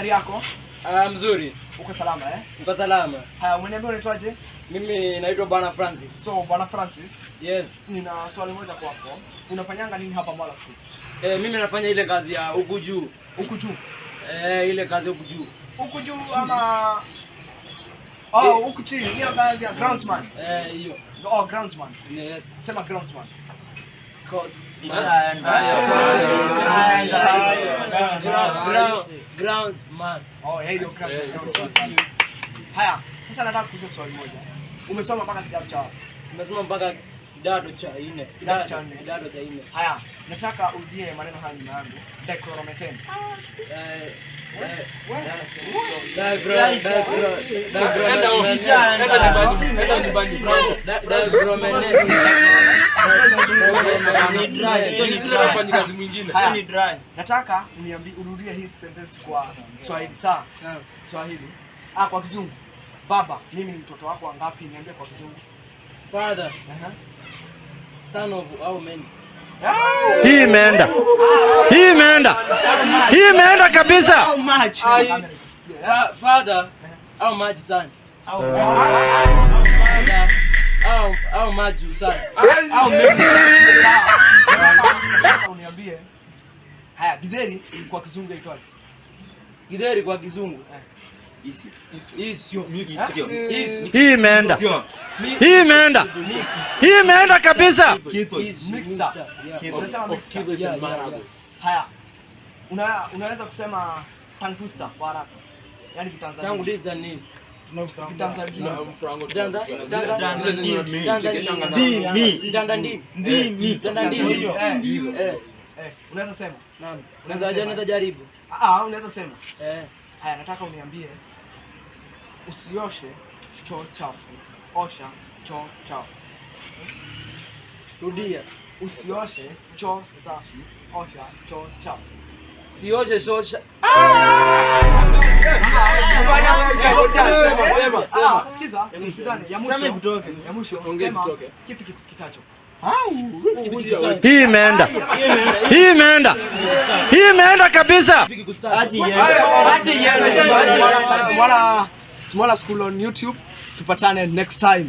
habari yako? Ah, mzuri. Uko salama eh? Uko salama. Haya, umeniambia unaitwaje? Mimi naitwa Bwana Francis. So, Bwana Francis? Yes. Nina swali moja kwako. Unafanyanga nini hapa Mwala School? Eh, mimi nafanya ile kazi ya huku juu. Huku juu. Eh, ile kazi huku juu. Huku juu ama Oh, huku chini. Hiyo kazi ya groundsman. Eh, hiyo. Oh, groundsman. Yes. Sema groundsman. Haya, sasa nataka kuuliza swali moja. Umesoma mpaka kidato cha wapi? Umesoma mpaka kidato cha nne. Kidato cha nne. Kidato cha nne. Haya, nataka ujie maneno haya nyuma yangu. Dichloromethen. Eh, Dichloromethen nataka uniambie urudie hii sentence kwa Swahili sawa? Swahili. Ah, kwa kizungu. Baba, mimi ni mtoto wako wangapi? Niambie kwa kizungu. Father. Son of how many? Hii imeenda. Hii imeenda. Hii imeenda kabisa. How much? Ah, father, how much son? How much? How much son? How many? uniambie. Haya, githeri kwa kizungu itwaje? Githeri kwa kizungu hii imeenda, hii imeenda, hii imeenda kabisa. unaweza kusema tanguista kwa haraka, yani Kitanzania unaweza sema, unaweza jaribu, ah, ah, unaweza sema. Eh. Haya, nataka uniambie, usioshe choo chafu, osha choo chafu. Rudia, usioshe choo safi, osha choo chafu. Sioshe choo ah! eh sema sema, sikiza, tusikizane. Ya mwisho ya mwisho, kipi kikusikitacho. Hii imeenda, hii imeenda, hii imeenda kabisa. Mwala School on YouTube, tupatane next time.